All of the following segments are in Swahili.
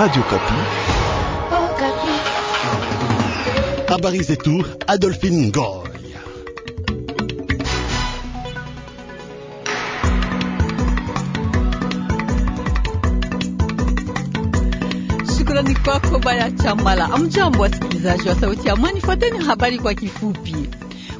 Radio Kapi. Habari zetu Adolphine Ngoy. kwako Baya Chambala. Amjambo wasikilizaji wa Sauti ya Amani, fuateni habari kwa kifupi.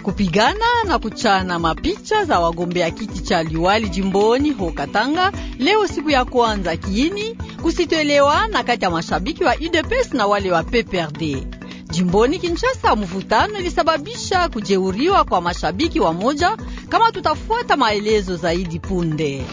Kupigana na kuchana mapicha za wagombea kiti cha liwali jimboni hokatanga leo siku ya kwanza kiini kusitoelewana kati ya mashabiki wa UDPS na wale wa PPRD. Jimboni Kinshasa, mvutano ilisababisha kujeuriwa kwa mashabiki wa moja, kama tutafuata maelezo zaidi punde.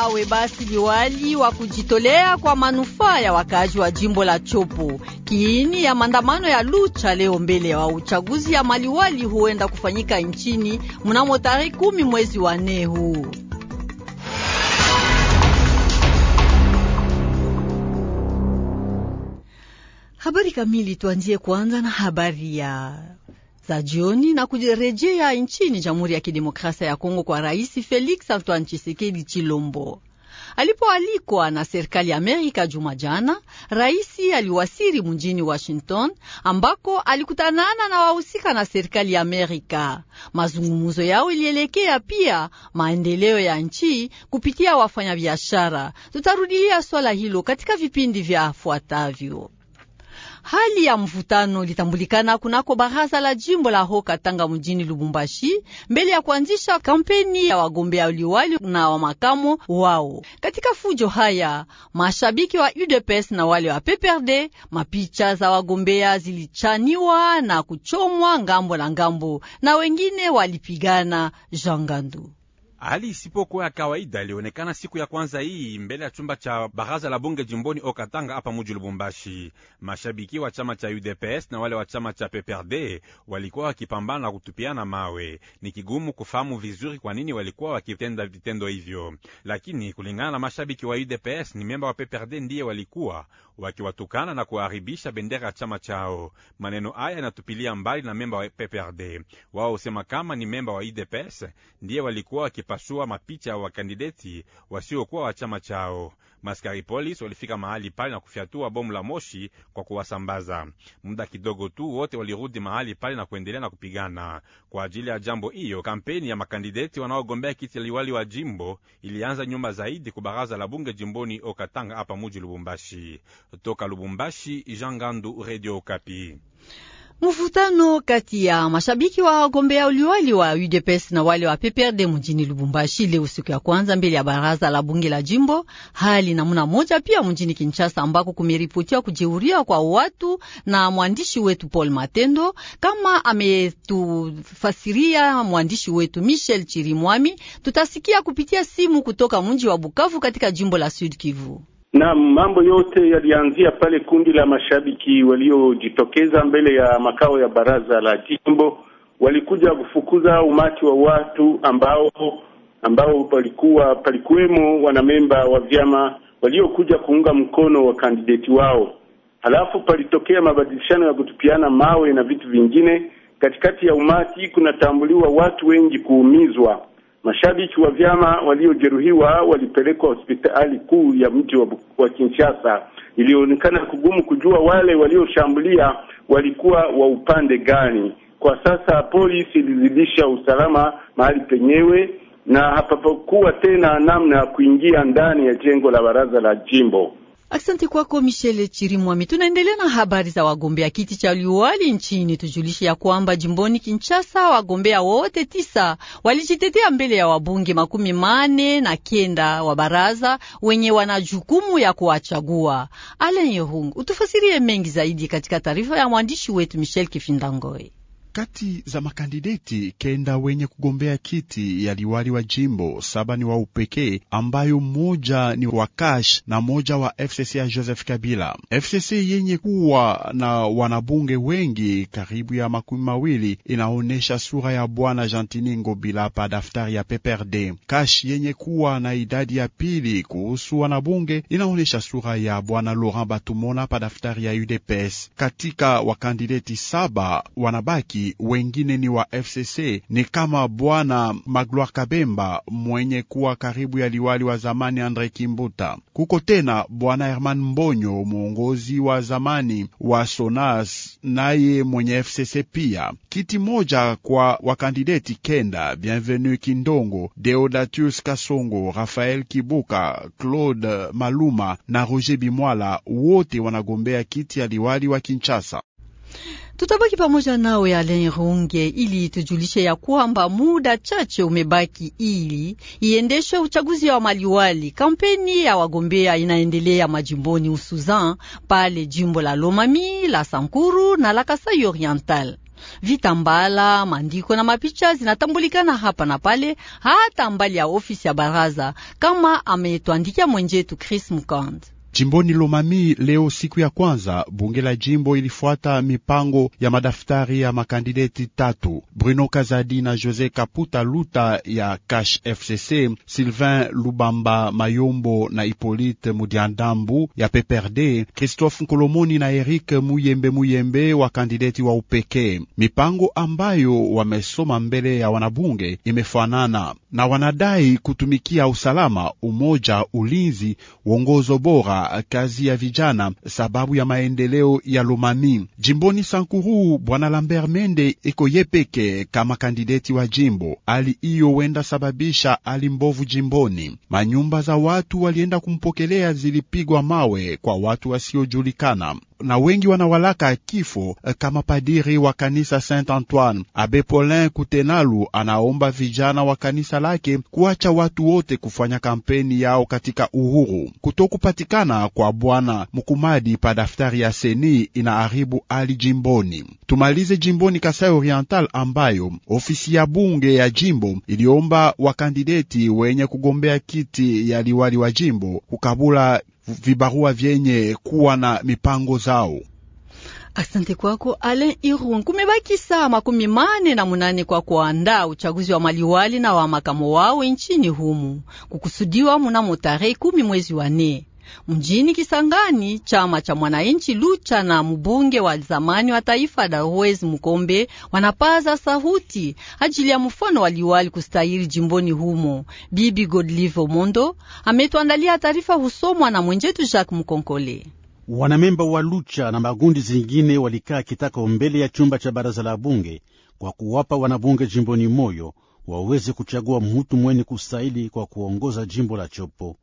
Awe basi liwali wa kujitolea kwa manufaa ya wakaaji wa jimbo la Chopo, kiini ya maandamano ya Lucha leo mbele wa uchaguzi ya maliwali huenda kufanyika nchini mnamo tarehe kumi mwezi wa nne huu. Habari kamili tuanzie kwanza na habari ya za jioni na kurejea nchini Jamhuri ya Kidemokrasia ya Kongo kwa Rais Felix Antoine Tshisekedi Chilombo. Alipoalikwa na serikali ya Amerika juma jana, raisi aliwasiri mjini Washington ambako alikutanana na wahusika na serikali ya Amerika. Mazungumzo yao ilielekea pia maendeleo ya nchi kupitia wafanyabiashara. Tutarudilia swala hilo katika vipindi vya fuatavyo. Hali ya mvutano litambulikana kunako baraza la jimbo la Hoka Katanga mjini Lubumbashi, mbele ya kuanzisha kampeni ya wagombea uliwali na wa makamo wao. Katika fujo haya, mashabiki wa UDPS na wale wa PPRD, mapicha za wagombea zilichaniwa na kuchomwa ngambo na ngambo, na wengine walipigana jangandu Hali isipokuwa ya kawaida ilionekana siku ya kwanza hii mbele ya chumba cha baraza la bunge jimboni Okatanga hapa muji Lubumbashi. Mashabiki wa chama cha UDPS na wale wa chama cha PPRD walikuwa wakipambana na kutupiana mawe. Ni kigumu kufahamu vizuri kwa nini walikuwa wakitenda vitendo hivyo, lakini kulingana na mashabiki wa UDPS ni memba wa PPRD ndiye walikuwa wakiwatukana na kuharibisha bendera ya chama chao. Maneno haya yanatupilia mbali na memba wa PPRD. Wao husema kama ni memba wa UDPS ndiye walikuwa wakipambana kupasua mapicha wa kandideti wasiokuwa wa chama chao. Maskari polis walifika mahali pale na kufyatua bomu la moshi kwa kuwasambaza. Muda kidogo tu wote walirudi mahali pale na kuendelea na kupigana. Kwa ajili ya jambo hiyo, kampeni ya makandideti wanaogombea kiti ya liwali wa jimbo ilianza nyuma zaidi kubaraza baraza la bunge jimboni Okatanga hapa muji Lubumbashi. Toka Lubumbashi, Jean Gandu, Radio Okapi. Mvutano kati ya mashabiki wa wagombea uliwali wa UDPS na wale wa PPRD mjini Lubumbashi leo siku ya kwanza mbele ya baraza la bunge la jimbo, hali namuna moja pia mjini Kinshasa ambako kumeripotiwa kujeuria kwa watu, na mwandishi wetu Paul Matendo kama ametufasiria mwandishi wetu Michel Chirimwami, tutasikia kupitia simu kutoka mji wa Bukavu katika jimbo la Sud Kivu. Na mambo yote yalianzia pale kundi la mashabiki waliojitokeza mbele ya makao ya baraza la jimbo walikuja kufukuza umati wa watu ambao ambao palikuwa palikuwemo wanamemba wa vyama waliokuja kuunga mkono wa kandidati wao. Halafu palitokea mabadilishano ya kutupiana mawe na vitu vingine katikati ya umati. Kunatambuliwa watu wengi kuumizwa Mashabiki wa vyama waliojeruhiwa walipelekwa hospitali kuu ya mji wa, wa Kinshasa. Ilionekana kugumu kujua wale walioshambulia walikuwa wa upande gani. Kwa sasa polisi ilizidisha usalama mahali penyewe na hapapokuwa tena namna ya kuingia ndani ya jengo la baraza la jimbo. Asante kwako Michele Chirimwami. Tunaendelea na habari za wagombea kiti cha liwali nchini. Tujulishe ya kwamba jimboni Kinshasa wagombea wote tisa walijitetea mbele ya wabunge makumi mane na kenda wa baraza wenye wana jukumu ya kuwachagua. Alen Yehung utufasirie mengi zaidi katika taarifa ya mwandishi wetu Michel Kifindangoe. Kati za makandideti kenda wenye kugombea kiti ya liwali wa jimbo saba ni wa upekee, ambayo mmoja ni wa Kash na mmoja wa FCC ya Joseph Kabila. FCC yenye kuwa na wanabunge wengi karibu ya makumi mawili inaonyesha sura ya bwana Jantini Ngobila pa daftari ya PPRD. Kash yenye kuwa na idadi ya pili kuhusu wanabunge inaonyesha sura ya bwana Laurent Batumona pa daftari ya UDPS. Katika wakandideti saba wanabaki Mashariki, wengine ni wa FCC, ni kama bwana Magloire Kabemba mwenye kuwa karibu ya liwali wa zamani Andre Kimbuta. Kuko tena bwana Herman Mbonyo, mwongozi wa zamani wa SONAS, naye mwenye FCC pia. Kiti moja kwa wakandideti kenda: Bienvenu Kindongo, Deodatius Kasongo, Rafael Kibuka, Claude Maluma na Roger Bimwala, wote wanagombea kiti ya liwali wa Kinshasa. Tutabaki pamoja nawe Alain Runge ili tujulishe ya kwamba muda chache umebaki ili iendeshwe uchaguzi wa maliwali. Kampeni ya wagombea inaendelea majimboni, usuzan pale jimbo la Lomami, la Sankuru na la Kasai Oriental. Vitambala, maandiko na mapicha zinatambulikana hapa na pale, hata mbali ya ofisi ya baraza, kama ametwandikia mwenjetu Chris Mukand. Jimboni Lomami leo siku ya kwanza bunge la jimbo ilifuata mipango ya madaftari ya makandideti tatu: Bruno Kazadi na Jose Kaputa Luta ya Cash FCC, Sylvain Lubamba Mayombo na Hippolyte Mudiandambu ya PPRD, Christophe Nkolomoni na Eric Muyembe Muyembe wa kandideti wa upekee. Mipango ambayo wamesoma mbele ya wanabunge imefanana na wanadai kutumikia usalama, umoja, ulinzi, uongozo bora kazi ya vijana sababu ya maendeleo ya Lomami jimboni Sankuru. Bwana Lambert Mende iko yepeke kama kandideti wa jimbo. Hali hiyo wenda sababisha hali mbovu jimboni. Manyumba za watu walienda kumpokelea zilipigwa mawe kwa watu wasiojulikana na wengi wanawalaka kifo eh, kama padiri wa kanisa Saint Antoine. Abe Polin Kutenalu anaomba vijana wa kanisa lake kuacha watu wote kufanya kampeni yao katika uhuru. Kutokupatikana kwa bwana mukumadi pa daftari ya seni inaharibu hali jimboni. Tumalize jimboni Kasai Oriental ambayo ofisi ya bunge ya jimbo iliomba wakandideti wenye kugombea kiti ya liwali wa jimbo kukabula vibarua vyenye kuwa na mipango zao. Asante kwako Alain irun Kumebaki saa makumi mane na munane kwa kuandaa uchaguzi wa maliwali na wa makamo wao nchini humu kukusudiwa mnamo tarehe kumi mwezi wa nne mjini Kisangani. Chama cha mwananchi Lucha na mbunge wa zamani wa taifa Darwezi Mukombe wanapaza sauti ajili ya mfano waliwali kustahili jimboni humo. Bibi Godlive Omondo ametuandalia taarifa, husomwa na mwenjetu Jacques Mukonkole. Wanamemba wa Lucha na magundi zingine walikaa kitako mbele ya chumba cha baraza la bunge kwa kuwapa wanabunge jimboni moyo waweze kuchagua mhutu mweni kustahili kwa kuongoza jimbo la Chopo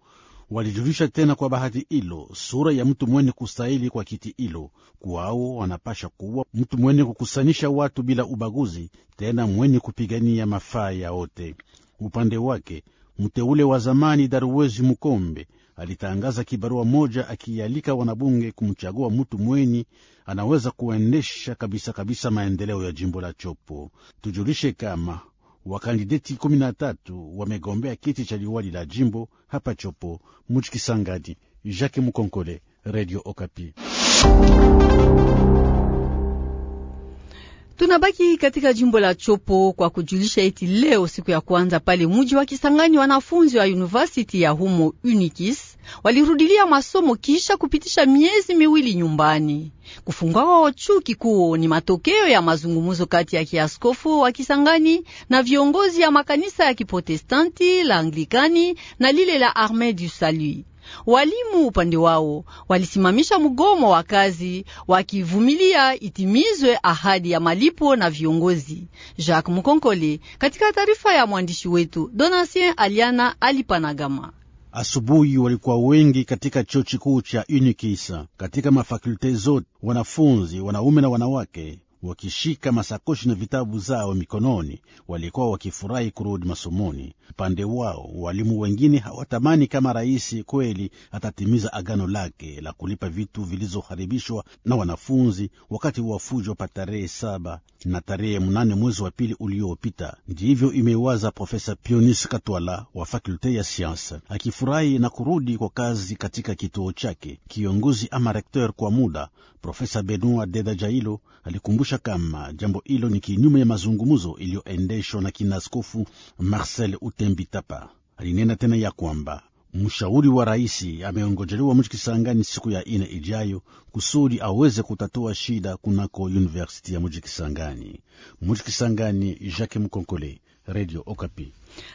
walijulisha tena kwa bahati ilo sura ya mtu mwenye kustahili kwa kiti ilo, kuwao wanapasha kuwa mtu mwenye kukusanisha watu bila ubaguzi, tena mwenye kupigania mafaa ya wote. Upande wake mteule wa zamani Daruwezi Mukombe alitangaza kibarua moja akialika wanabunge kumchagua mtu mwenye anaweza kuendesha kabisa kabisa maendeleo ya jimbo la Chopo. Tujulishe kama Wakandideti 13 wamegombea kiti cha liwali la jimbo hapa Chopo, Muji Kisangani. Jacques Mukonkole, Radio Okapi. Tunabaki katika jimbo la Chopo kwa kujulisha eti leo siku ya kwanza pale muji wa Kisangani, wanafunzi wa university ya humo Unikis walirudilia masomo kisha kupitisha miezi miwili nyumbani. Kufungwa wao chuo kikuu ni matokeo ya mazungumzo kati ya kiaskofu wa Kisangani na viongozi ya makanisa ya Kiprotestanti la Anglikani na lile la Armee du Salut. Walimu upande wao walisimamisha mgomo wa kazi, wakivumilia itimizwe ahadi ya malipo na viongozi. Jacques Mukonkole, katika taarifa ya mwandishi wetu Donatien Aliana Alipanagama. Asubuhi walikuwa wengi katika chuo kikuu cha Unikisa katika mafakulte zote, wanafunzi wanaume na wanawake wakishika masakoshi na vitabu zao mikononi. Walikuwa wakifurahi kurudi masomoni. Upande wao, walimu wengine hawatamani kama rais kweli atatimiza agano lake la kulipa vitu vilizoharibishwa na wanafunzi wakati wa fujo pa tarehe saba na tarehe mnane mwezi wa pili uliopita. Ndivyo imewaza Profesa Pionis Katwala wa fakulte ya siansa, akifurahi na kurudi kwa kazi katika kituo chake. Kiongozi ama rektor kwa muda Profesa Benua Deda Jailo alikumbusha kama jambo hilo ni kinyume ya mazungumzo iliyoendeshwa na kinaskofu Marcel Utembitapa. Alinena tena ya kwamba Mshauri wa rais ameongojeliwa Mujikisangani siku ya ine ijayo kusudi aweze kutatua shida kunako universiti ya Mujikisangani. Mujikisangani, Jacques Mkonkole, Radio Okapi.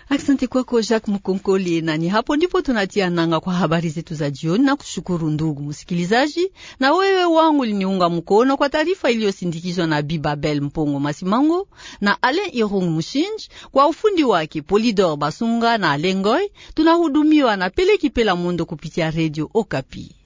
Asante kwako Jacques na ni hapo ndipo tunatia nanga kwa habari zetu za jioni, na kushukuru ndugu msikilizaji na wewe wangu liniunga mkono kwa taarifa iliyosindikizwa na Bibabel Mpongo Masimango na Alain Irung Mushinji kwa ufundi wake, Polidor Basunga na Alengoy. Tunahudumiwa na Peleki Pela Mundo kupitia Radio Okapi.